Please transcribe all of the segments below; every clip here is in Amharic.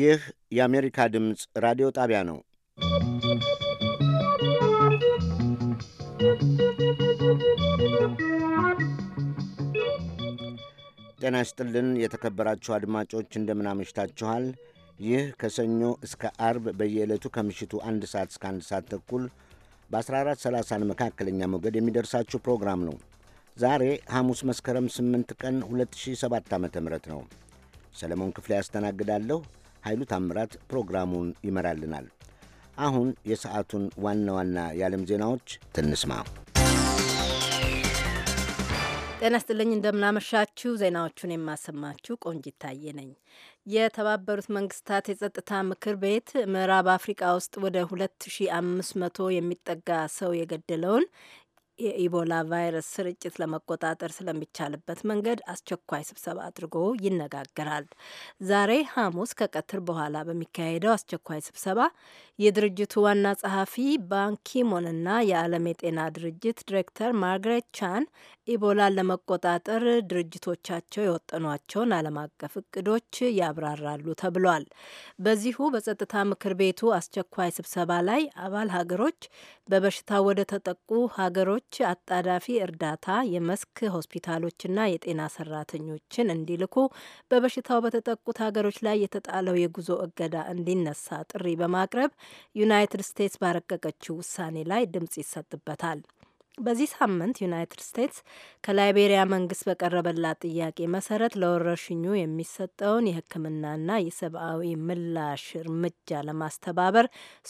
ይህ የአሜሪካ ድምፅ ራዲዮ ጣቢያ ነው። ጤና ይስጥልን የተከበራችሁ አድማጮች እንደምን አመሽታችኋል። ይህ ከሰኞ እስከ አርብ በየዕለቱ ከምሽቱ አንድ ሰዓት እስከ አንድ ሰዓት ተኩል በ1430 መካከለኛ ሞገድ የሚደርሳችሁ ፕሮግራም ነው። ዛሬ ሐሙስ መስከረም 8 ቀን 2007 ዓ ም ነው። ሰለሞን ክፍሌ ያስተናግዳለሁ። ኃይሉ ታምራት ፕሮግራሙን ይመራልናል። አሁን የሰዓቱን ዋና ዋና የዓለም ዜናዎች ትንስማ። ጤና ስጥልኝ፣ እንደምናመሻችሁ። ዜናዎቹን የማሰማችሁ ቆንጂት ታዬ ነኝ። የተባበሩት መንግስታት የጸጥታ ምክር ቤት ምዕራብ አፍሪቃ ውስጥ ወደ 2500 የሚጠጋ ሰው የገደለውን የኢቦላ ቫይረስ ስርጭት ለመቆጣጠር ስለሚቻልበት መንገድ አስቸኳይ ስብሰባ አድርጎ ይነጋገራል። ዛሬ ሐሙስ ከቀትር በኋላ በሚካሄደው አስቸኳይ ስብሰባ የድርጅቱ ዋና ጸሐፊ ባንኪሞንና የዓለም የጤና ድርጅት ዲሬክተር ማርግሬት ቻን ኢቦላን ለመቆጣጠር ድርጅቶቻቸው የወጠኗቸውን ዓለም አቀፍ እቅዶች ያብራራሉ ተብሏል። በዚሁ በጸጥታ ምክር ቤቱ አስቸኳይ ስብሰባ ላይ አባል ሀገሮች በበሽታ ወደ ተጠቁ ሀገሮች አጣዳፊ እርዳታ የመስክ ሆስፒታሎችና የጤና ሰራተኞችን እንዲልኩ በበሽታው በተጠቁት ሀገሮች ላይ የተጣለው የጉዞ እገዳ እንዲነሳ ጥሪ በማቅረብ ዩናይትድ ስቴትስ ባረቀቀችው ውሳኔ ላይ ድምጽ ይሰጥበታል። በዚህ ሳምንት ዩናይትድ ስቴትስ ከላይቤሪያ መንግስት በቀረበላት ጥያቄ መሰረት ለወረርሽኙ የሚሰጠውን የሕክምናና የሰብአዊ ምላሽ እርምጃ ለማስተባበር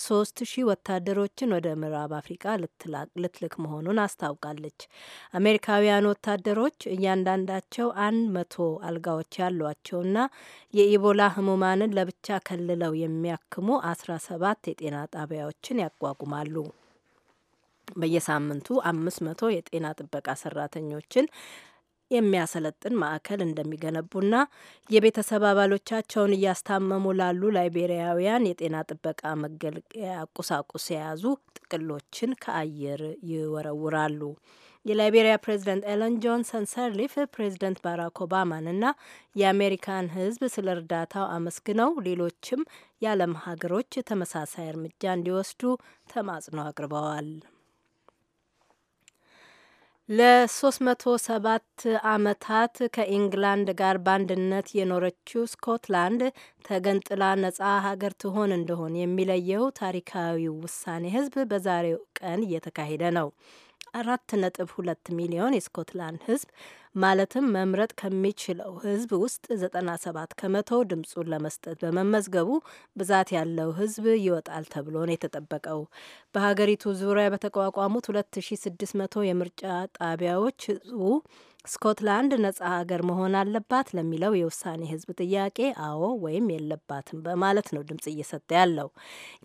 ሶስት ሺህ ወታደሮችን ወደ ምዕራብ አፍሪቃ ልትልክ መሆኑን አስታውቃለች። አሜሪካውያን ወታደሮች እያንዳንዳቸው አንድ መቶ አልጋዎች ያሏቸውና የኢቦላ ህሙማንን ለብቻ ከልለው የሚያክሙ አስራ ሰባት የጤና ጣቢያዎችን ያቋቁማሉ። በየሳምንቱ አምስት መቶ የጤና ጥበቃ ሰራተኞችን የሚያሰለጥን ማዕከል እንደሚገነቡና የቤተሰብ አባሎቻቸውን እያስታመሙ ላሉ ላይቤሪያውያን የጤና ጥበቃ መገልገያ ቁሳቁስ የያዙ ጥቅሎችን ከአየር ይወረውራሉ። የላይቤሪያ ፕሬዚደንት ኤለን ጆንሰን ሰርሊፍ ፕሬዚደንት ባራክ ኦባማንና የአሜሪካን ሕዝብ ስለ እርዳታው አመስግነው ሌሎችም የዓለም ሀገሮች ተመሳሳይ እርምጃ እንዲወስዱ ተማጽኖ አቅርበዋል። ለ307 ዓመታት ከኢንግላንድ ጋር በአንድነት የኖረችው ስኮትላንድ ተገንጥላ ነጻ ሀገር ትሆን እንደሆን የሚለየው ታሪካዊው ውሳኔ ህዝብ በዛሬው ቀን እየተካሄደ ነው። አራት ነጥብ ሁለት ሚሊዮን የስኮትላንድ ህዝብ ማለትም መምረጥ ከሚችለው ህዝብ ውስጥ ዘጠና ሰባት ከመቶ ድምጹን ለመስጠት በመመዝገቡ ብዛት ያለው ህዝብ ይወጣል ተብሎ ነው የተጠበቀው። በሀገሪቱ ዙሪያ በተቋቋሙት ሁለት ሺ ስድስት መቶ የምርጫ ጣቢያዎች ህዝቡ ስኮትላንድ ነጻ ሀገር መሆን አለባት ለሚለው የውሳኔ ህዝብ ጥያቄ አዎ ወይም የለባትም በማለት ነው ድምጽ እየሰጠ ያለው።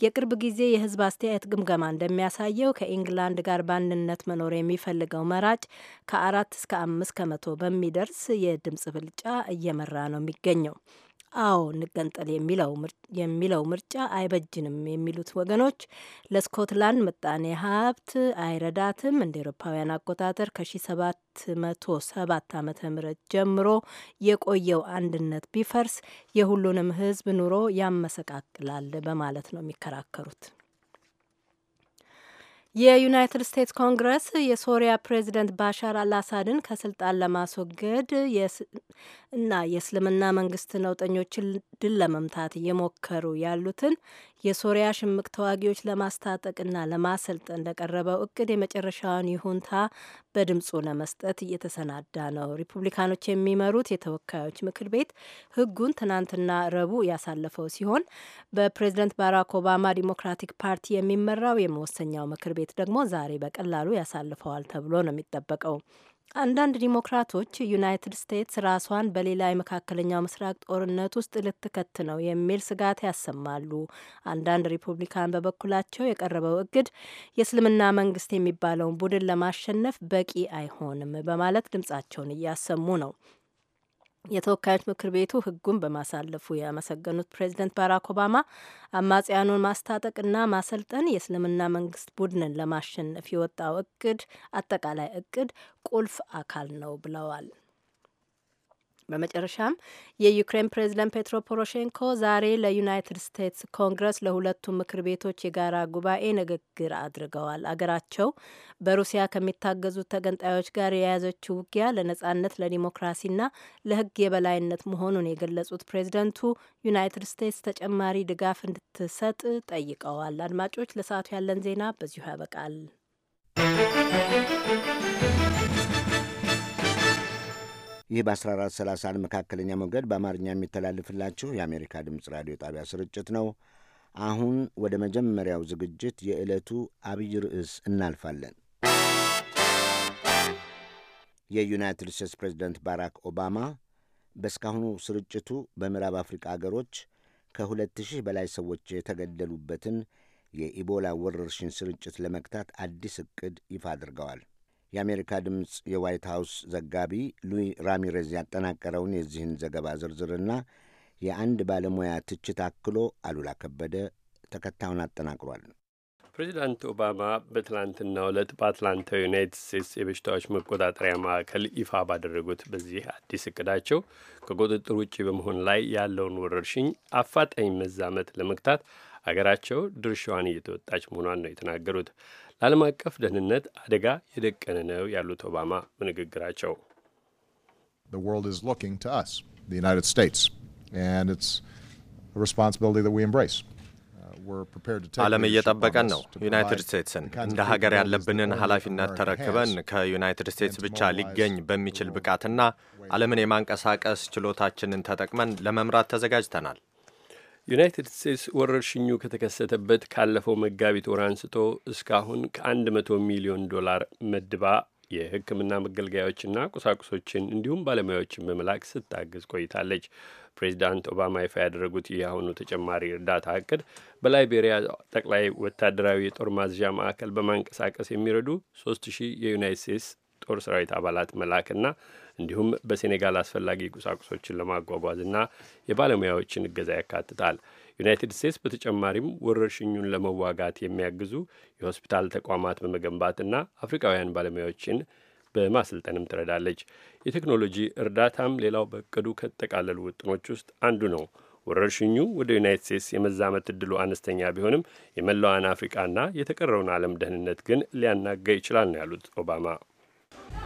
የቅርብ ጊዜ የህዝብ አስተያየት ግምገማ እንደሚያሳየው ከኢንግላንድ ጋር በአንድነት መኖር የሚፈልገው መራጭ ከአራት እስከ አምስት ከመቶ በሚደርስ የድምጽ ብልጫ እየመራ ነው የሚገኘው። አዎ እንገንጠል የሚለው ምርጫ አይበጅንም የሚሉት ወገኖች ለስኮትላንድ ምጣኔ ሀብት አይረዳትም። እንደ ኤሮፓውያን አቆጣጠር ከ1707 ዓመተ ም ጀምሮ የቆየው አንድነት ቢፈርስ የሁሉንም ሕዝብ ኑሮ ያመሰቃቅላል በማለት ነው የሚከራከሩት። የዩናይትድ ስቴትስ ኮንግረስ የሶሪያ ፕሬዚደንት ባሻር አልአሳድን ከስልጣን ለማስወገድ እና የእስልምና መንግስት ነውጠኞችን ድል ለመምታት እየሞከሩ ያሉትን የሶሪያ ሽምቅ ተዋጊዎች ለማስታጠቅና ለማሰልጠን ለቀረበው እቅድ የመጨረሻውን ይሁንታ በድምፁ ለመስጠት እየተሰናዳ ነው። ሪፑብሊካኖች የሚመሩት የተወካዮች ምክር ቤት ህጉን ትናንትና ረቡዕ ያሳለፈው ሲሆን በፕሬዝደንት ባራክ ኦባማ ዲሞክራቲክ ፓርቲ የሚመራው የመወሰኛው ምክር ቤት ደግሞ ዛሬ በቀላሉ ያሳልፈዋል ተብሎ ነው የሚጠበቀው። አንዳንድ ዲሞክራቶች ዩናይትድ ስቴትስ ራሷን በሌላ የመካከለኛው ምስራቅ ጦርነት ውስጥ ልትከት ነው የሚል ስጋት ያሰማሉ። አንዳንድ ሪፑብሊካን በበኩላቸው የቀረበው እግድ የእስልምና መንግስት የሚባለውን ቡድን ለማሸነፍ በቂ አይሆንም በማለት ድምጻቸውን እያሰሙ ነው። የተወካዮች ምክር ቤቱ ህጉን በማሳለፉ ያመሰገኑት ፕሬዚደንት ባራክ ኦባማ አማጽያኑን ማስታጠቅና ማሰልጠን የእስልምና መንግስት ቡድንን ለማሸነፍ የወጣው እቅድ አጠቃላይ እቅድ ቁልፍ አካል ነው ብለዋል። በመጨረሻም የዩክሬን ፕሬዚደንት ፔትሮ ፖሮሼንኮ ዛሬ ለዩናይትድ ስቴትስ ኮንግረስ ለሁለቱም ምክር ቤቶች የጋራ ጉባኤ ንግግር አድርገዋል። አገራቸው በሩሲያ ከሚታገዙት ተገንጣዮች ጋር የያዘችው ውጊያ ለነጻነት፣ ለዲሞክራሲና ለሕግ የበላይነት መሆኑን የገለጹት ፕሬዚደንቱ ዩናይትድ ስቴትስ ተጨማሪ ድጋፍ እንድትሰጥ ጠይቀዋል። አድማጮች፣ ለሰዓቱ ያለን ዜና በዚሁ ያበቃል። ይህ በ1430 መካከለኛ ሞገድ በአማርኛ የሚተላልፍላችሁ የአሜሪካ ድምፅ ራዲዮ ጣቢያ ስርጭት ነው። አሁን ወደ መጀመሪያው ዝግጅት የዕለቱ አብይ ርዕስ እናልፋለን። የዩናይትድ ስቴትስ ፕሬዚደንት ባራክ ኦባማ በእስካሁኑ ስርጭቱ በምዕራብ አፍሪካ አገሮች ከሁለት ሺህ በላይ ሰዎች የተገደሉበትን የኢቦላ ወረርሽኝ ስርጭት ለመግታት አዲስ እቅድ ይፋ አድርገዋል። የአሜሪካ ድምፅ የዋይት ሀውስ ዘጋቢ ሉዊ ራሚሬዝ ያጠናቀረውን የዚህን ዘገባ ዝርዝርና የአንድ ባለሙያ ትችት አክሎ አሉላ ከበደ ተከታዩን አጠናቅሯል። ፕሬዚዳንት ኦባማ በትላንትና ዕለት በአትላንታ ዩናይትድ ስቴትስ የበሽታዎች መቆጣጠሪያ ማዕከል ይፋ ባደረጉት በዚህ አዲስ እቅዳቸው ከቁጥጥር ውጭ በመሆን ላይ ያለውን ወረርሽኝ አፋጣኝ መዛመት ለመግታት አገራቸው ድርሻዋን እየተወጣች መሆኗን ነው የተናገሩት። ለዓለም አቀፍ ደህንነት አደጋ የደቀነ ነው ያሉት ኦባማ በንግግራቸው uh, ዓለም እየጠበቀን ነው። ዩናይትድ ስቴትስን እንደ ሀገር ያለብንን ኃላፊነት ተረክበን ከዩናይትድ ስቴትስ ብቻ ሊገኝ በሚችል ብቃትና ዓለምን የማንቀሳቀስ ችሎታችንን ተጠቅመን ለመምራት ተዘጋጅተናል። ዩናይትድ ስቴትስ ወረርሽኙ ከተከሰተበት ካለፈው መጋቢት ወር አንስቶ እስካሁን ከ100 ሚሊዮን ዶላር መድባ የሕክምና መገልገያዎችና ቁሳቁሶችን እንዲሁም ባለሙያዎችን በመላክ ስታግዝ ቆይታለች። ፕሬዚዳንት ኦባማ ይፋ ያደረጉት የአሁኑ ተጨማሪ እርዳታ እቅድ በላይቤሪያ ጠቅላይ ወታደራዊ የጦር ማዝዣ ማዕከል በማንቀሳቀስ የሚረዱ 3000 የዩናይት ስቴትስ ጦር ሰራዊት አባላት መላክና እንዲሁም በሴኔጋል አስፈላጊ ቁሳቁሶችን ለማጓጓዝና የባለሙያዎችን እገዛ ያካትታል። ዩናይትድ ስቴትስ በተጨማሪም ወረርሽኙን ለመዋጋት የሚያግዙ የሆስፒታል ተቋማት በመገንባትና አፍሪካውያን ባለሙያዎችን በማሰልጠንም ትረዳለች። የቴክኖሎጂ እርዳታም ሌላው በእቅዱ ከተጠቃለሉ ውጥኖች ውስጥ አንዱ ነው። ወረርሽኙ ወደ ዩናይት ስቴትስ የመዛመት እድሉ አነስተኛ ቢሆንም የመላዋን አፍሪቃና የተቀረውን ዓለም ደህንነት ግን ሊያናጋ ይችላል ነው ያሉት ኦባማ።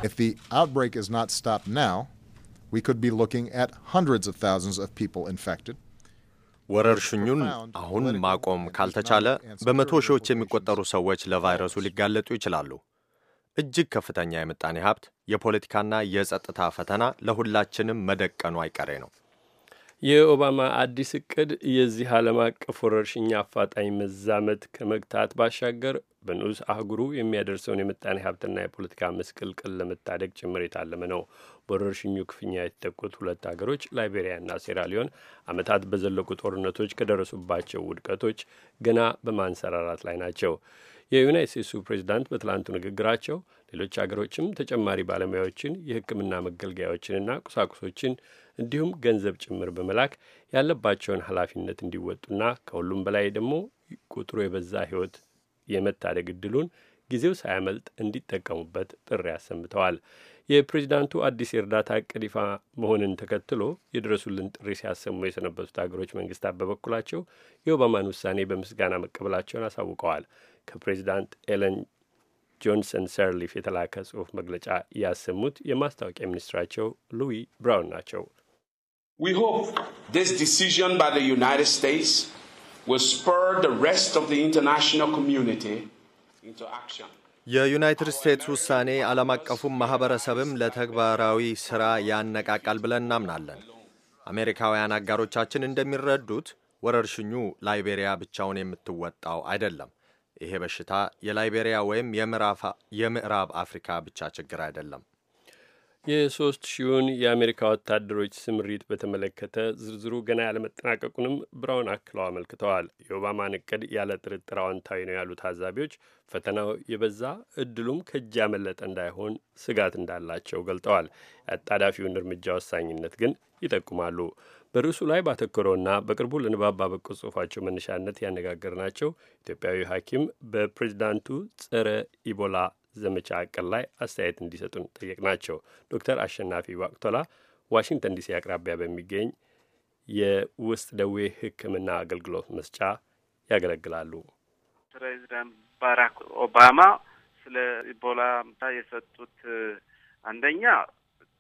If the outbreak is not stopped now, we could be looking at hundreds of thousands of people infected. ወረርሽኙን አሁን ማቆም ካልተቻለ በመቶ ሺዎች የሚቆጠሩ ሰዎች ለቫይረሱ ሊጋለጡ ይችላሉ። እጅግ ከፍተኛ የምጣኔ ሀብት፣ የፖለቲካና የጸጥታ ፈተና ለሁላችንም መደቀኑ አይቀሬ ነው። የኦባማ አዲስ እቅድ የዚህ ዓለም አቀፍ ወረርሽኝ አፋጣኝ መዛመት ከመግታት ባሻገር በንዑስ አህጉሩ የሚያደርሰውን የምጣኔ ሀብትና የፖለቲካ መስቅልቅል ለመታደግ ጭምር የታለመ ነው። በወረርሽኙ ክፍኛ የተጠቁት ሁለት ሀገሮች ላይቤሪያና ሴራሊዮን ዓመታት በዘለቁ ጦርነቶች ከደረሱባቸው ውድቀቶች ገና በማንሰራራት ላይ ናቸው። የዩናይት ስቴትሱ ፕሬዚዳንት በትላንቱ ንግግራቸው ሌሎች አገሮችም ተጨማሪ ባለሙያዎችን የሕክምና መገልገያዎችንና ቁሳቁሶችን እንዲሁም ገንዘብ ጭምር በመላክ ያለባቸውን ኃላፊነት እንዲወጡና ከሁሉም በላይ ደግሞ ቁጥሩ የበዛ ሕይወት የመታደግ እድሉን ጊዜው ሳያመልጥ እንዲጠቀሙበት ጥሪ አሰምተዋል። የፕሬዚዳንቱ አዲስ የእርዳታ እቅድ ይፋ መሆንን ተከትሎ የድረሱልን ጥሪ ሲያሰሙ የሰነበቱት አገሮች መንግስታት በበኩላቸው የኦባማን ውሳኔ በምስጋና መቀበላቸውን አሳውቀዋል። ከፕሬዚዳንት ኤለን ጆንሰን ሰርሊፍ የተላከ ጽሑፍ መግለጫ ያሰሙት የማስታወቂያ ሚኒስትራቸው ሉዊ ብራውን ናቸው። We hope this decision by the United States will spur the rest of the international community into action. የዩናይትድ ስቴትስ ውሳኔ ዓለም አቀፉም ማኅበረሰብም ለተግባራዊ ሥራ ያነቃቃል ብለን እናምናለን። አሜሪካውያን አጋሮቻችን እንደሚረዱት ወረርሽኙ ላይቤሪያ ብቻውን የምትወጣው አይደለም። ይሄ በሽታ የላይቤሪያ ወይም የምዕራብ አፍሪካ ብቻ ችግር አይደለም። የሶስት ሺውን የአሜሪካ ወታደሮች ስምሪት በተመለከተ ዝርዝሩ ገና ያለመጠናቀቁንም ብራውን አክለው አመልክተዋል። የኦባማን እቅድ ያለ ጥርጥር አዋንታዊ ነው ያሉ ታዛቢዎች ፈተናው የበዛ እድሉም ከእጅ ያመለጠ እንዳይሆን ስጋት እንዳላቸው ገልጠዋል። የአጣዳፊውን እርምጃ ወሳኝነት ግን ይጠቁማሉ። በርዕሱ ላይ ባተኮረውና በቅርቡ ለንባብ ባበቁ ጽሁፋቸው መነሻነት ያነጋገርናቸው ኢትዮጵያዊ ሐኪም በፕሬዚዳንቱ ጸረ ኢቦላ ዘመቻ ዕቅድ ላይ አስተያየት እንዲሰጡን ጠየቅናቸው። ዶክተር አሸናፊ ዋቅቶላ ዋሽንግተን ዲሲ አቅራቢያ በሚገኝ የውስጥ ደዌ ሕክምና አገልግሎት መስጫ ያገለግላሉ። ፕሬዚዳንት ባራክ ኦባማ ስለ ኢቦላ የሰጡት አንደኛ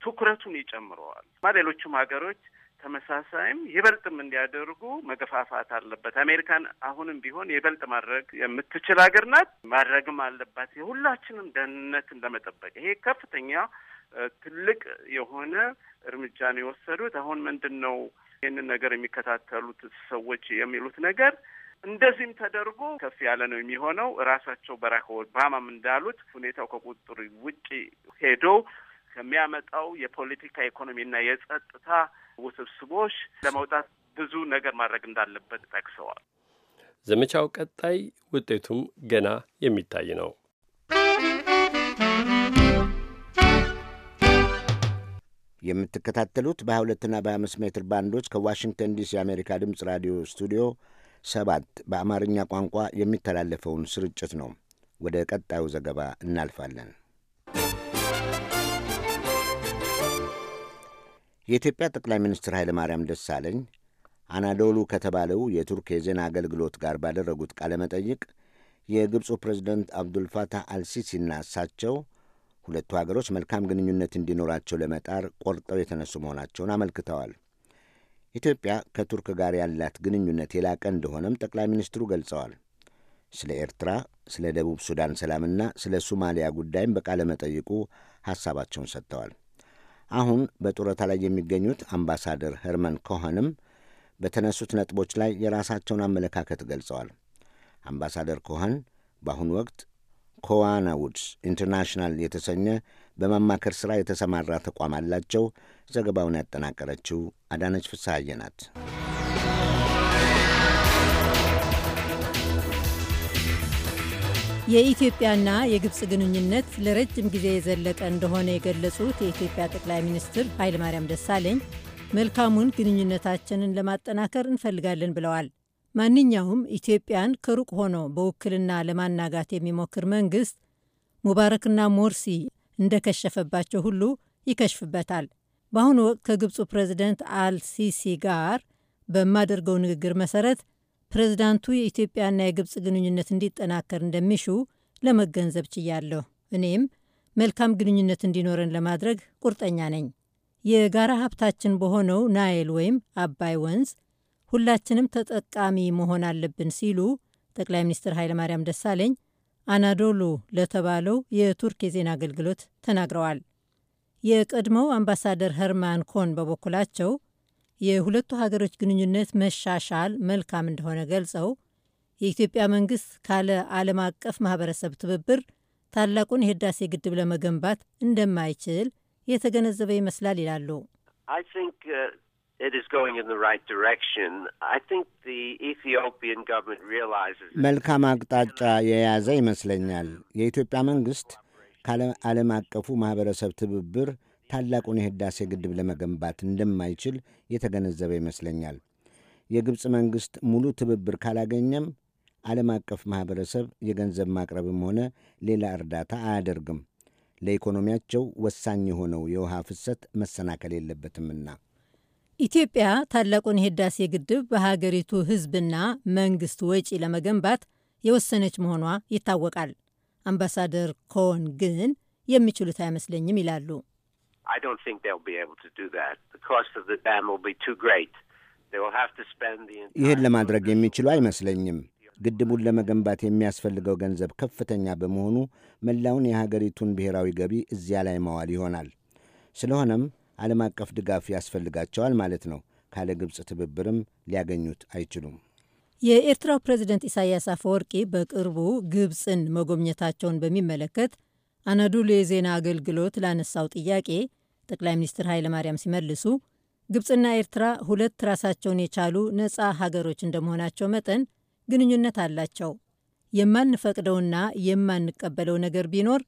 ትኩረቱን ይጨምረዋል። ሌሎቹም ሀገሮች ተመሳሳይም ይበልጥም እንዲያደርጉ መገፋፋት አለበት። አሜሪካን አሁንም ቢሆን ይበልጥ ማድረግ የምትችል ሀገር ናት፣ ማድረግም አለባት የሁላችንም ደህንነትን ለመጠበቅ። ይሄ ከፍተኛ ትልቅ የሆነ እርምጃ ነው የወሰዱት። አሁን ምንድን ነው ይህንን ነገር የሚከታተሉት ሰዎች የሚሉት ነገር እንደዚህም ተደርጎ ከፍ ያለ ነው የሚሆነው። ራሳቸው በራክ ኦባማም እንዳሉት ሁኔታው ከቁጥጥር ውጪ ሄዶ ከሚያመጣው የፖለቲካ ኢኮኖሚና የጸጥታ ውስብስቦች ለመውጣት ብዙ ነገር ማድረግ እንዳለበት ጠቅሰዋል። ዘመቻው ቀጣይ ውጤቱም ገና የሚታይ ነው። የምትከታተሉት በ 2 ና በ 5 ሜትር ባንዶች ከዋሽንግተን ዲሲ የአሜሪካ ድምፅ ራዲዮ ስቱዲዮ ሰባት በአማርኛ ቋንቋ የሚተላለፈውን ስርጭት ነው። ወደ ቀጣዩ ዘገባ እናልፋለን። የኢትዮጵያ ጠቅላይ ሚኒስትር ኃይለማርያም ደሳለኝ አናዶሉ ከተባለው የቱርክ የዜና አገልግሎት ጋር ባደረጉት ቃለ መጠይቅ የግብፁ ፕሬዚደንት አብዱልፋታህ አልሲሲና እሳቸው ሁለቱ ሀገሮች መልካም ግንኙነት እንዲኖራቸው ለመጣር ቆርጠው የተነሱ መሆናቸውን አመልክተዋል። ኢትዮጵያ ከቱርክ ጋር ያላት ግንኙነት የላቀ እንደሆነም ጠቅላይ ሚኒስትሩ ገልጸዋል። ስለ ኤርትራ፣ ስለ ደቡብ ሱዳን ሰላምና ስለ ሱማሊያ ጉዳይም በቃለ መጠይቁ ሐሳባቸውን ሰጥተዋል። አሁን በጡረታ ላይ የሚገኙት አምባሳደር ሄርመን ኮኸንም በተነሱት ነጥቦች ላይ የራሳቸውን አመለካከት ገልጸዋል። አምባሳደር ኮኸን በአሁኑ ወቅት ኮዋና ውድስ ኢንተርናሽናል የተሰኘ በማማከር ሥራ የተሰማራ ተቋም አላቸው። ዘገባውን ያጠናቀረችው አዳነች ፍስሐዬ ናት። የኢትዮጵያና የግብፅ ግንኙነት ለረጅም ጊዜ የዘለቀ እንደሆነ የገለጹት የኢትዮጵያ ጠቅላይ ሚኒስትር ኃይለማርያም ደሳለኝ መልካሙን ግንኙነታችንን ለማጠናከር እንፈልጋለን ብለዋል። ማንኛውም ኢትዮጵያን ከሩቅ ሆኖ በውክልና ለማናጋት የሚሞክር መንግስት ሙባረክና ሞርሲ እንደከሸፈባቸው ሁሉ ይከሽፍበታል። በአሁኑ ወቅት ከግብፁ ፕሬዚደንት አልሲሲ ጋር በማደርገው ንግግር መሰረት ፕሬዚዳንቱ የኢትዮጵያና የግብፅ ግንኙነት እንዲጠናከር እንደሚሹ ለመገንዘብ ችያለሁ። እኔም መልካም ግንኙነት እንዲኖረን ለማድረግ ቁርጠኛ ነኝ። የጋራ ሀብታችን በሆነው ናይል ወይም አባይ ወንዝ ሁላችንም ተጠቃሚ መሆን አለብን ሲሉ ጠቅላይ ሚኒስትር ኃይለማርያም ደሳለኝ አናዶሉ ለተባለው የቱርክ የዜና አገልግሎት ተናግረዋል። የቀድሞው አምባሳደር ኸርማን ኮን በበኩላቸው የሁለቱ ሀገሮች ግንኙነት መሻሻል መልካም እንደሆነ ገልጸው የኢትዮጵያ መንግስት ካለ ዓለም አቀፍ ማህበረሰብ ትብብር ታላቁን የህዳሴ ግድብ ለመገንባት እንደማይችል የተገነዘበ ይመስላል ይላሉ። uh, መልካም አቅጣጫ የያዘ ይመስለኛል። የኢትዮጵያ መንግስት ካለ ዓለም አቀፉ ማህበረሰብ ትብብር ታላቁን የህዳሴ ግድብ ለመገንባት እንደማይችል የተገነዘበ ይመስለኛል። የግብፅ መንግሥት ሙሉ ትብብር ካላገኘም ዓለም አቀፍ ማኅበረሰብ የገንዘብ ማቅረብም ሆነ ሌላ እርዳታ አያደርግም። ለኢኮኖሚያቸው ወሳኝ የሆነው የውሃ ፍሰት መሰናከል የለበትምና። ኢትዮጵያ ታላቁን የህዳሴ ግድብ በሀገሪቱ ሕዝብና መንግሥት ወጪ ለመገንባት የወሰነች መሆኗ ይታወቃል። አምባሳደር ኮን ግን የሚችሉት አይመስለኝም ይላሉ። I don't think they'll be able to do that. The cost of the dam will be too great. They will have to spend the ይህን ለማድረግ የሚችሉ አይመስለኝም። ግድቡን ለመገንባት የሚያስፈልገው ገንዘብ ከፍተኛ በመሆኑ መላውን የሀገሪቱን ብሔራዊ ገቢ እዚያ ላይ መዋል ይሆናል። ስለሆነም ዓለም አቀፍ ድጋፍ ያስፈልጋቸዋል ማለት ነው። ካለ ግብፅ ትብብርም ሊያገኙት አይችሉም። የኤርትራው ፕሬዚደንት ኢሳያስ አፈወርቂ በቅርቡ ግብፅን መጎብኘታቸውን በሚመለከት አናዶሉ የዜና አገልግሎት ላነሳው ጥያቄ ጠቅላይ ሚኒስትር ኃይለ ማርያም ሲመልሱ ግብፅና ኤርትራ ሁለት ራሳቸውን የቻሉ ነፃ ሀገሮች እንደመሆናቸው መጠን ግንኙነት አላቸው። የማንፈቅደውና የማንቀበለው ነገር ቢኖር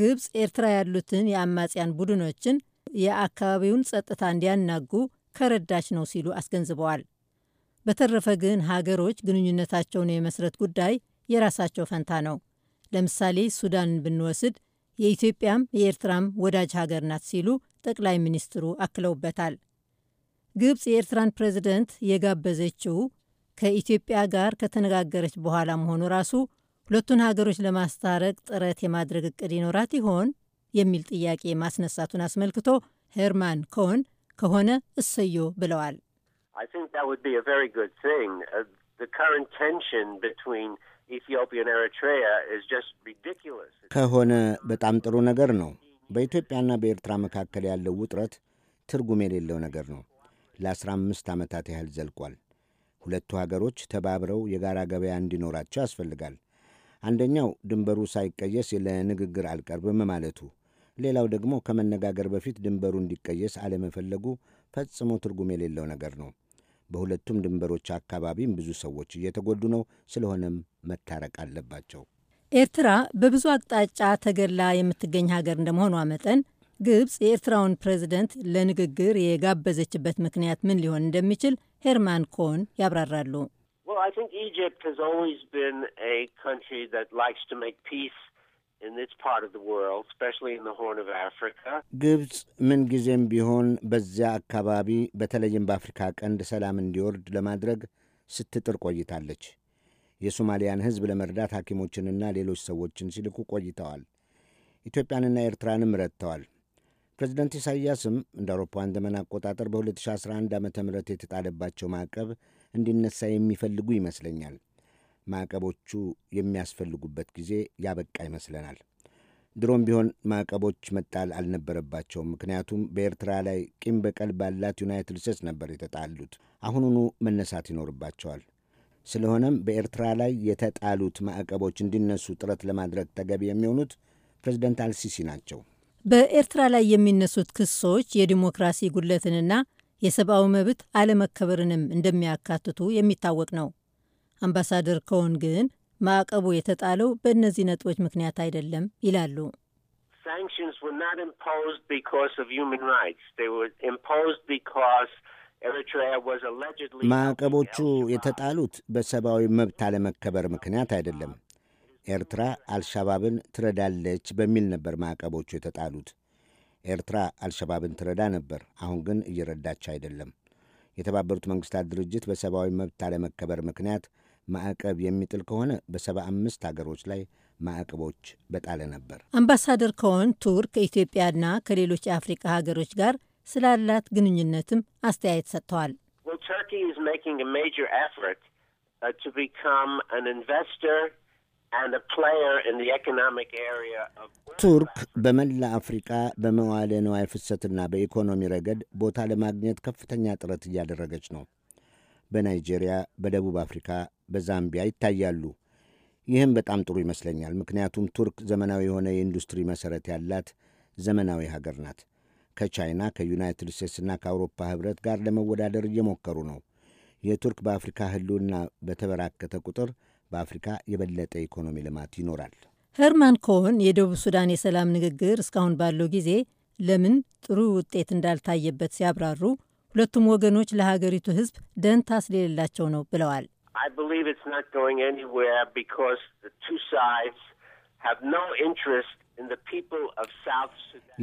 ግብፅ ኤርትራ ያሉትን የአማጽያን ቡድኖችን የአካባቢውን ጸጥታ እንዲያናጉ ከረዳች ነው ሲሉ አስገንዝበዋል። በተረፈ ግን ሀገሮች ግንኙነታቸውን የመስረት ጉዳይ የራሳቸው ፈንታ ነው። ለምሳሌ ሱዳንን ብንወስድ የኢትዮጵያም የኤርትራም ወዳጅ ሀገር ናት ሲሉ ጠቅላይ ሚኒስትሩ አክለውበታል። ግብፅ የኤርትራን ፕሬዚደንት የጋበዘችው ከኢትዮጵያ ጋር ከተነጋገረች በኋላ መሆኑ ራሱ ሁለቱን ሀገሮች ለማስታረቅ ጥረት የማድረግ እቅድ ይኖራት ይሆን የሚል ጥያቄ ማስነሳቱን አስመልክቶ ሄርማን ኮን ከሆነ እሰዮ ብለዋል። uh, ከሆነ በጣም ጥሩ ነገር ነው። በኢትዮጵያና በኤርትራ መካከል ያለው ውጥረት ትርጉም የሌለው ነገር ነው። ለ15 ዓመታት ያህል ዘልቋል። ሁለቱ ሀገሮች ተባብረው የጋራ ገበያ እንዲኖራቸው ያስፈልጋል። አንደኛው ድንበሩ ሳይቀየስ ለንግግር አልቀርብም ማለቱ፣ ሌላው ደግሞ ከመነጋገር በፊት ድንበሩ እንዲቀየስ አለመፈለጉ ፈጽሞ ትርጉም የሌለው ነገር ነው። በሁለቱም ድንበሮች አካባቢም ብዙ ሰዎች እየተጎዱ ነው። ስለሆነም መታረቅ አለባቸው። ኤርትራ በብዙ አቅጣጫ ተገላ የምትገኝ ሀገር እንደመሆኗ መጠን ግብፅ የኤርትራውን ፕሬዝደንት ለንግግር የጋበዘችበት ምክንያት ምን ሊሆን እንደሚችል ሄርማን ኮን ያብራራሉ። ግብፅ ምንጊዜም ቢሆን በዚያ አካባቢ በተለይም በአፍሪካ ቀንድ ሰላም እንዲወርድ ለማድረግ ስትጥር ቆይታለች። የሶማሊያን ሕዝብ ለመርዳት ሐኪሞችንና ሌሎች ሰዎችን ሲልኩ ቆይተዋል። ኢትዮጵያንና ኤርትራንም ረድተዋል። ፕሬዚደንት ኢሳይያስም እንደ አውሮፓውያን ዘመን አቆጣጠር በ2011 ዓ ም የተጣለባቸው ማዕቀብ እንዲነሳ የሚፈልጉ ይመስለኛል። ማዕቀቦቹ የሚያስፈልጉበት ጊዜ ያበቃ ይመስለናል። ድሮም ቢሆን ማዕቀቦች መጣል አልነበረባቸውም። ምክንያቱም በኤርትራ ላይ ቂም በቀል ባላት ዩናይትድ ስቴትስ ነበር የተጣሉት። አሁኑኑ መነሳት ይኖርባቸዋል። ስለሆነም በኤርትራ ላይ የተጣሉት ማዕቀቦች እንዲነሱ ጥረት ለማድረግ ተገቢ የሚሆኑት ፕሬዚደንት አልሲሲ ናቸው። በኤርትራ ላይ የሚነሱት ክሶች የዲሞክራሲ ጉድለትንና የሰብአዊ መብት አለመከበርንም እንደሚያካትቱ የሚታወቅ ነው። አምባሳደር ከሆን ግን ማዕቀቡ የተጣለው በእነዚህ ነጥቦች ምክንያት አይደለም ይላሉ። ሳንክሽንስ ወር ናት ኢምፖዝድ ቢኮዝ ኦፍ ሁማን ራይትስ ዜይ ወር ኢምፖዝድ ቢኮዝ ማዕቀቦቹ የተጣሉት በሰብአዊ መብት አለመከበር ምክንያት አይደለም። ኤርትራ አልሻባብን ትረዳለች በሚል ነበር ማዕቀቦቹ የተጣሉት። ኤርትራ አልሸባብን ትረዳ ነበር፣ አሁን ግን እየረዳች አይደለም። የተባበሩት መንግስታት ድርጅት በሰብአዊ መብት አለመከበር ምክንያት ማዕቀብ የሚጥል ከሆነ በሰባ አምስት ሀገሮች ላይ ማዕቀቦች በጣለ ነበር። አምባሳደር ከሆን ቱርክ ከኢትዮጵያና ከሌሎች የአፍሪቃ ሀገሮች ጋር ስላላት ግንኙነትም አስተያየት ሰጥተዋል። uh, ቱርክ በመላ አፍሪቃ በመዋለ ነዋይ ፍሰትና በኢኮኖሚ ረገድ ቦታ ለማግኘት ከፍተኛ ጥረት እያደረገች ነው። በናይጄሪያ፣ በደቡብ አፍሪካ፣ በዛምቢያ ይታያሉ። ይህም በጣም ጥሩ ይመስለኛል። ምክንያቱም ቱርክ ዘመናዊ የሆነ የኢንዱስትሪ መሠረት ያላት ዘመናዊ ሀገር ናት። ከቻይና ከዩናይትድ ስቴትስና ከአውሮፓ ህብረት ጋር ለመወዳደር እየሞከሩ ነው። የቱርክ በአፍሪካ ህልውና በተበራከተ ቁጥር በአፍሪካ የበለጠ ኢኮኖሚ ልማት ይኖራል። ሄርማን ኮሆን የደቡብ ሱዳን የሰላም ንግግር እስካሁን ባለው ጊዜ ለምን ጥሩ ውጤት እንዳልታየበት ሲያብራሩ ሁለቱም ወገኖች ለሀገሪቱ ህዝብ ደንታ ስለሌላቸው ነው ብለዋል።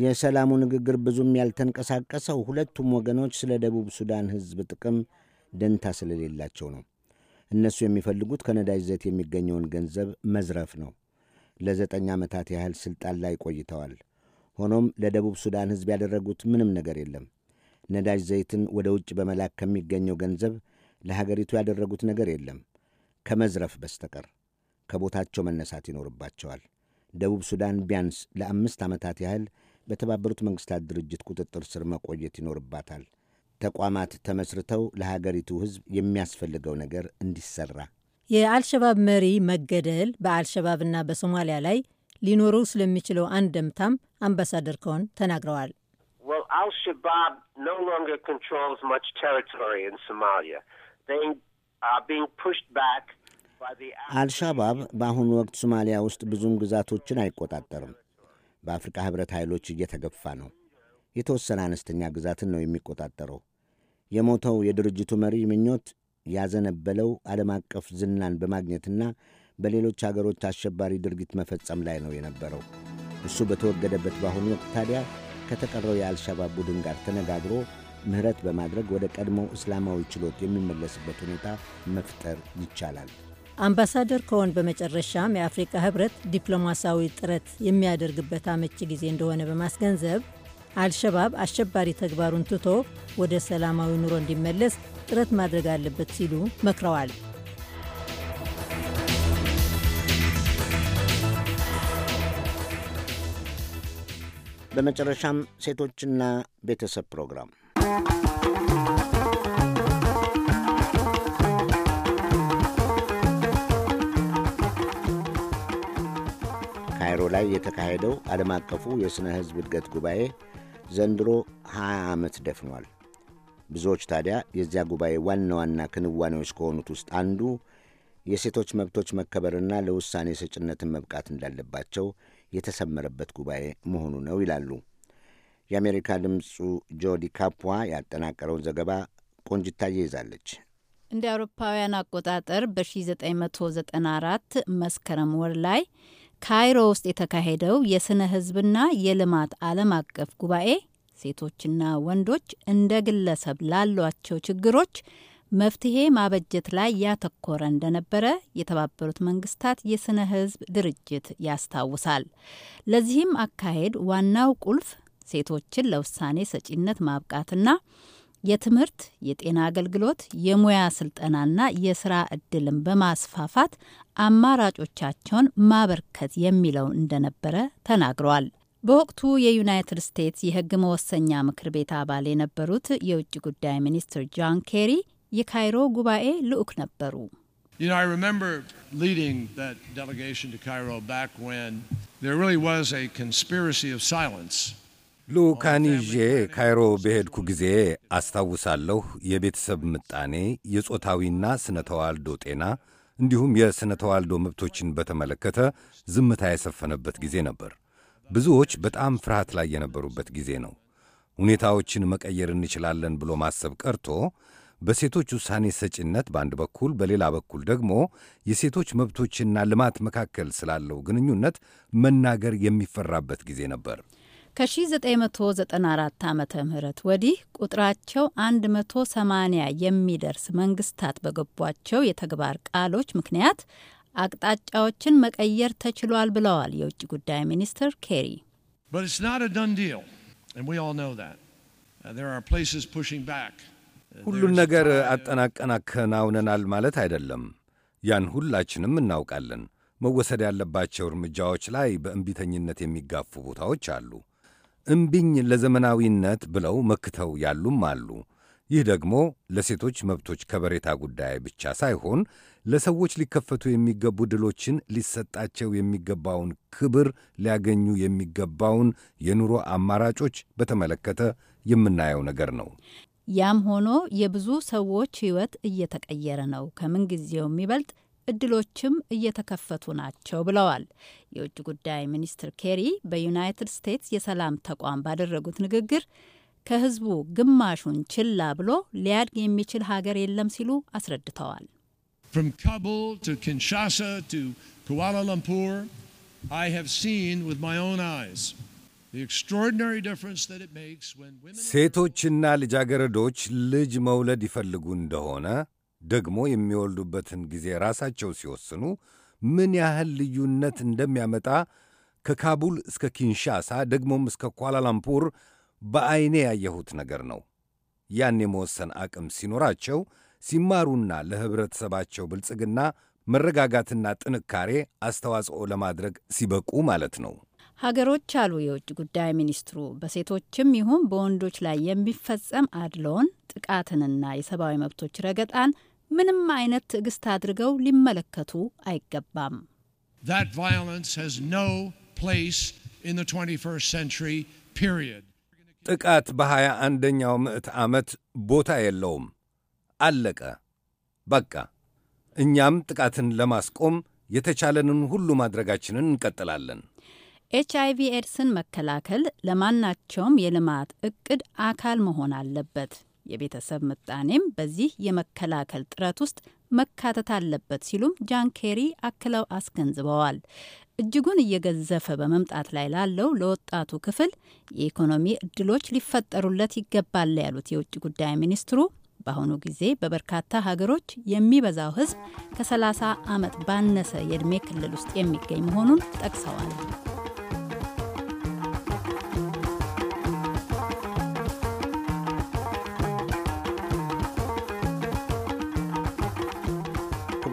የሰላሙ ንግግር ብዙም ያልተንቀሳቀሰው ሁለቱም ወገኖች ስለ ደቡብ ሱዳን ሕዝብ ጥቅም ደንታ ስለሌላቸው ነው። እነሱ የሚፈልጉት ከነዳጅ ዘይት የሚገኘውን ገንዘብ መዝረፍ ነው። ለዘጠኝ ዓመታት ያህል ሥልጣን ላይ ቆይተዋል። ሆኖም ለደቡብ ሱዳን ሕዝብ ያደረጉት ምንም ነገር የለም። ነዳጅ ዘይትን ወደ ውጭ በመላክ ከሚገኘው ገንዘብ ለሀገሪቱ ያደረጉት ነገር የለም ከመዝረፍ በስተቀር። ከቦታቸው መነሳት ይኖርባቸዋል። ደቡብ ሱዳን ቢያንስ ለአምስት ዓመታት ያህል በተባበሩት መንግሥታት ድርጅት ቁጥጥር ስር መቆየት ይኖርባታል። ተቋማት ተመስርተው ለሀገሪቱ ሕዝብ የሚያስፈልገው ነገር እንዲሰራ። የአልሸባብ መሪ መገደል በአልሸባብና በሶማሊያ ላይ ሊኖረው ስለሚችለው አንድምታም አምባሳደር ከሆን ተናግረዋል። አልሸባብ አልሻባብ በአሁኑ ወቅት ሶማሊያ ውስጥ ብዙም ግዛቶችን አይቆጣጠርም። በአፍሪካ ህብረት ኃይሎች እየተገፋ ነው። የተወሰነ አነስተኛ ግዛትን ነው የሚቆጣጠረው። የሞተው የድርጅቱ መሪ ምኞት ያዘነበለው ዓለም አቀፍ ዝናን በማግኘትና በሌሎች አገሮች አሸባሪ ድርጊት መፈጸም ላይ ነው የነበረው። እሱ በተወገደበት በአሁኑ ወቅት ታዲያ ከተቀረው የአልሻባብ ቡድን ጋር ተነጋግሮ ምሕረት በማድረግ ወደ ቀድሞው እስላማዊ ችሎት የሚመለስበት ሁኔታ መፍጠር ይቻላል። አምባሳደር ከሆን በመጨረሻም የአፍሪካ ህብረት ዲፕሎማሲያዊ ጥረት የሚያደርግበት አመቺ ጊዜ እንደሆነ በማስገንዘብ አልሸባብ አሸባሪ ተግባሩን ትቶ ወደ ሰላማዊ ኑሮ እንዲመለስ ጥረት ማድረግ አለበት ሲሉ መክረዋል። በመጨረሻም ሴቶችና ቤተሰብ ፕሮግራም ካይሮ ላይ የተካሄደው ዓለም አቀፉ የሥነ ሕዝብ እድገት ጉባኤ ዘንድሮ 20 ዓመት ደፍኗል። ብዙዎች ታዲያ የዚያ ጉባኤ ዋና ዋና ክንዋኔዎች ከሆኑት ውስጥ አንዱ የሴቶች መብቶች መከበርና ለውሳኔ ሰጭነትን መብቃት እንዳለባቸው የተሰመረበት ጉባኤ መሆኑ ነው ይላሉ። የአሜሪካ ድምፁ ጆዲ ካፖ ያጠናቀረውን ዘገባ ቆንጅታዬ ይዛለች። እንደ አውሮፓውያን አቆጣጠር በ1994 መስከረም ወር ላይ ካይሮ ውስጥ የተካሄደው የስነ ህዝብና የልማት ዓለም አቀፍ ጉባኤ ሴቶችና ወንዶች እንደ ግለሰብ ላሏቸው ችግሮች መፍትሄ ማበጀት ላይ ያተኮረ እንደነበረ የተባበሩት መንግስታት የስነ ህዝብ ድርጅት ያስታውሳል። ለዚህም አካሄድ ዋናው ቁልፍ ሴቶችን ለውሳኔ ሰጪነት ማብቃትና የትምህርት፣ የጤና አገልግሎት፣ የሙያ ስልጠናና የስራ እድልን በማስፋፋት አማራጮቻቸውን ማበርከት የሚለው እንደነበረ ተናግረዋል። በወቅቱ የዩናይትድ ስቴትስ የህግ መወሰኛ ምክር ቤት አባል የነበሩት የውጭ ጉዳይ ሚኒስትር ጆን ኬሪ የካይሮ ጉባኤ ልዑክ ነበሩ። ስ ልኡካን ይዤ ካይሮ በሄድኩ ጊዜ አስታውሳለሁ። የቤተሰብ ምጣኔ፣ የጾታዊና ስነ ተዋልዶ ጤና እንዲሁም የስነ ተዋልዶ መብቶችን በተመለከተ ዝምታ የሰፈነበት ጊዜ ነበር። ብዙዎች በጣም ፍርሃት ላይ የነበሩበት ጊዜ ነው። ሁኔታዎችን መቀየር እንችላለን ብሎ ማሰብ ቀርቶ በሴቶች ውሳኔ ሰጪነት በአንድ በኩል በሌላ በኩል ደግሞ የሴቶች መብቶችና ልማት መካከል ስላለው ግንኙነት መናገር የሚፈራበት ጊዜ ነበር። ከ1994 ዓ ም ወዲህ ቁጥራቸው 180 የሚደርስ መንግስታት በገቧቸው የተግባር ቃሎች ምክንያት አቅጣጫዎችን መቀየር ተችሏል ብለዋል የውጭ ጉዳይ ሚኒስትር ኬሪ። uh, uh, ሁሉን ነገር አጠናቀን አከናውነናል ማለት አይደለም። ያን ሁላችንም እናውቃለን። መወሰድ ያለባቸው እርምጃዎች ላይ በእንቢተኝነት የሚጋፉ ቦታዎች አሉ። እምቢኝ ለዘመናዊነት ብለው መክተው ያሉም አሉ። ይህ ደግሞ ለሴቶች መብቶች ከበሬታ ጉዳይ ብቻ ሳይሆን ለሰዎች ሊከፈቱ የሚገቡ ድሎችን፣ ሊሰጣቸው የሚገባውን ክብር፣ ሊያገኙ የሚገባውን የኑሮ አማራጮች በተመለከተ የምናየው ነገር ነው። ያም ሆኖ የብዙ ሰዎች ሕይወት እየተቀየረ ነው። ከምን ጊዜው የሚበልጥ እድሎችም እየተከፈቱ ናቸው ብለዋል። የውጭ ጉዳይ ሚኒስትር ኬሪ በዩናይትድ ስቴትስ የሰላም ተቋም ባደረጉት ንግግር ከህዝቡ ግማሹን ችላ ብሎ ሊያድግ የሚችል ሀገር የለም ሲሉ አስረድተዋል። ሴቶችና ልጃገረዶች ልጅ መውለድ ይፈልጉ እንደሆነ ደግሞ የሚወልዱበትን ጊዜ ራሳቸው ሲወስኑ ምን ያህል ልዩነት እንደሚያመጣ ከካቡል እስከ ኪንሻሳ ደግሞም እስከ ኳላላምፑር በዐይኔ ያየሁት ነገር ነው። ያን የመወሰን አቅም ሲኖራቸው ሲማሩና ለኅብረተሰባቸው ብልጽግና መረጋጋትና ጥንካሬ አስተዋጽኦ ለማድረግ ሲበቁ ማለት ነው። ሀገሮች አሉ የውጭ ጉዳይ ሚኒስትሩ፣ በሴቶችም ይሁን በወንዶች ላይ የሚፈጸም አድሎን ጥቃትንና የሰብአዊ መብቶች ረገጣን ምንም አይነት ትዕግስት አድርገው ሊመለከቱ አይገባም። ጥቃት በሃያ አንደኛው ምዕት ዓመት ቦታ የለውም። አለቀ፣ በቃ። እኛም ጥቃትን ለማስቆም የተቻለንን ሁሉ ማድረጋችንን እንቀጥላለን። ኤች አይ ቪ ኤድስን መከላከል ለማናቸውም የልማት እቅድ አካል መሆን አለበት። የቤተሰብ ምጣኔም በዚህ የመከላከል ጥረት ውስጥ መካተት አለበት ሲሉም ጃን ኬሪ አክለው አስገንዝበዋል። እጅጉን እየገዘፈ በመምጣት ላይ ላለው ለወጣቱ ክፍል የኢኮኖሚ እድሎች ሊፈጠሩለት ይገባል ያሉት የውጭ ጉዳይ ሚኒስትሩ በአሁኑ ጊዜ በበርካታ ሀገሮች የሚበዛው ሕዝብ ከ30 ዓመት ባነሰ የዕድሜ ክልል ውስጥ የሚገኝ መሆኑን ጠቅሰዋል።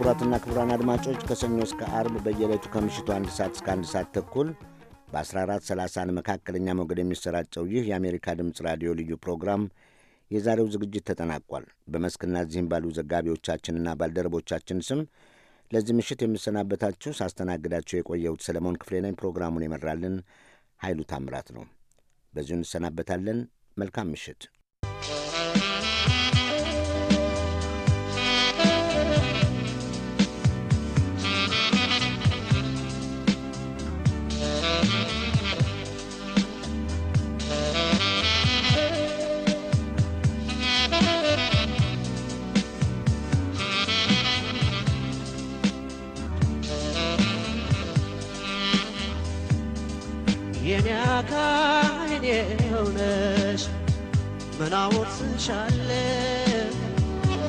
ክቡራትና ክቡራን አድማጮች ከሰኞ እስከ አርብ በየዕለቱ ከምሽቱ አንድ ሰዓት እስከ አንድ ሰዓት ተኩል በ1430 መካከለኛ ሞገድ የሚሰራጨው ይህ የአሜሪካ ድምፅ ራዲዮ ልዩ ፕሮግራም የዛሬው ዝግጅት ተጠናቋል። በመስክና እዚህም ባሉ ዘጋቢዎቻችንና ባልደረቦቻችን ስም ለዚህ ምሽት የምሰናበታችሁ ሳስተናግዳችሁ የቆየሁት ሰለሞን ክፍሌ ነኝ። ፕሮግራሙን የመራልን ኃይሉ ታምራት ነው። በዚሁ እንሰናበታለን። መልካም ምሽት። የኔ አካል የኔ ሆነሽ ምናወት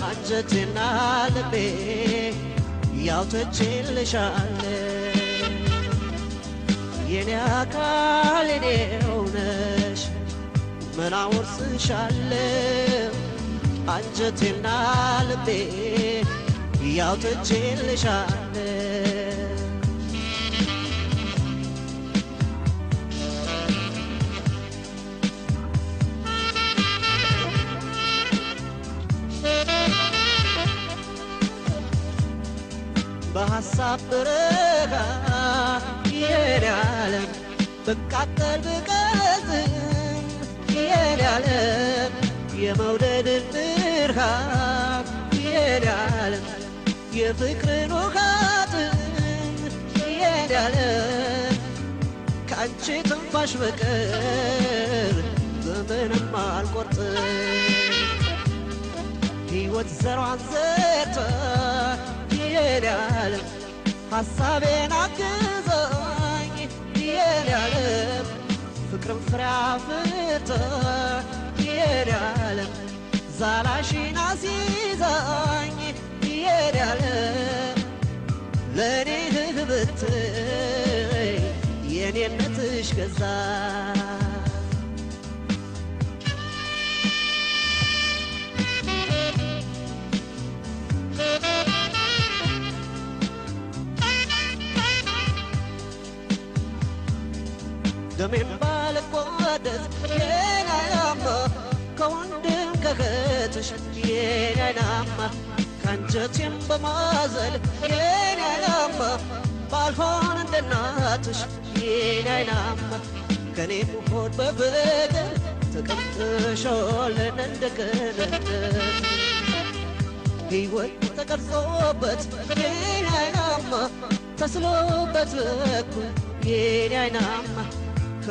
አንጀቴና ልቤ ያውተቼልሻለ የኔ አካል የኔ ሆነሽ ምናወት ስንሻለ አንጀቴና ልቤ ያውተቼልሻለ በሐሳብ ብረጋ ይሄዳለም ብቃጠል ብቀዝም ያለ የመውደድን ብርሃን ይሄዳለም የፍቅርን ውሃትን ይሄዳለም ከአንቺ ትንፋሽ በቀር ዘመንም አልቆርጥም ሕይወት ዘሯን ዘርታ ያለም ሐሳቤን አግዘኝ ያለም ፍቅርም ፍሬ አፍርቶ ያለም ዛላሽን አስይዘኝ ያለም ለእኔ ብትይ የእኔነትሽ ገዛኝ ደሜን ባልቋደስ የኔ ከወንድም ከእህትሽ የኔ ከአንጀቴም በማዘል ባልሆን እንደ እናትሽ ከኔ ሆድ በፍቅር ተቀምጥሾልን ተቀርጾበት ተስሎበት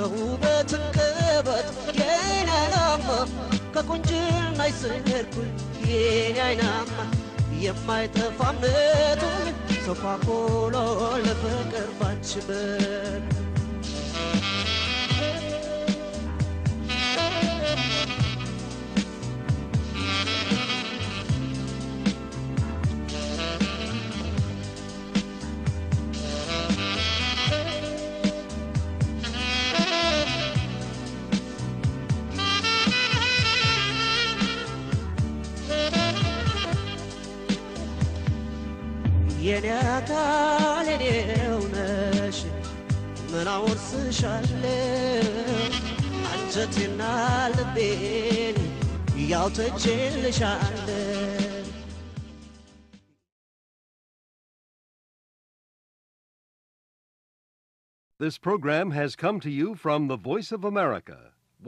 ከውበት ከበት የኔ አይናማ ከቁንጅና የኔ አይናማ የማይጠፋ እምነቱ ሰፋ ለፍቅር የኔ አካል የኔው ነሽ ምን አወርስሻለሁ አንጀቴና ልቤን This program has come to you from the Voice of America,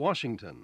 Washington.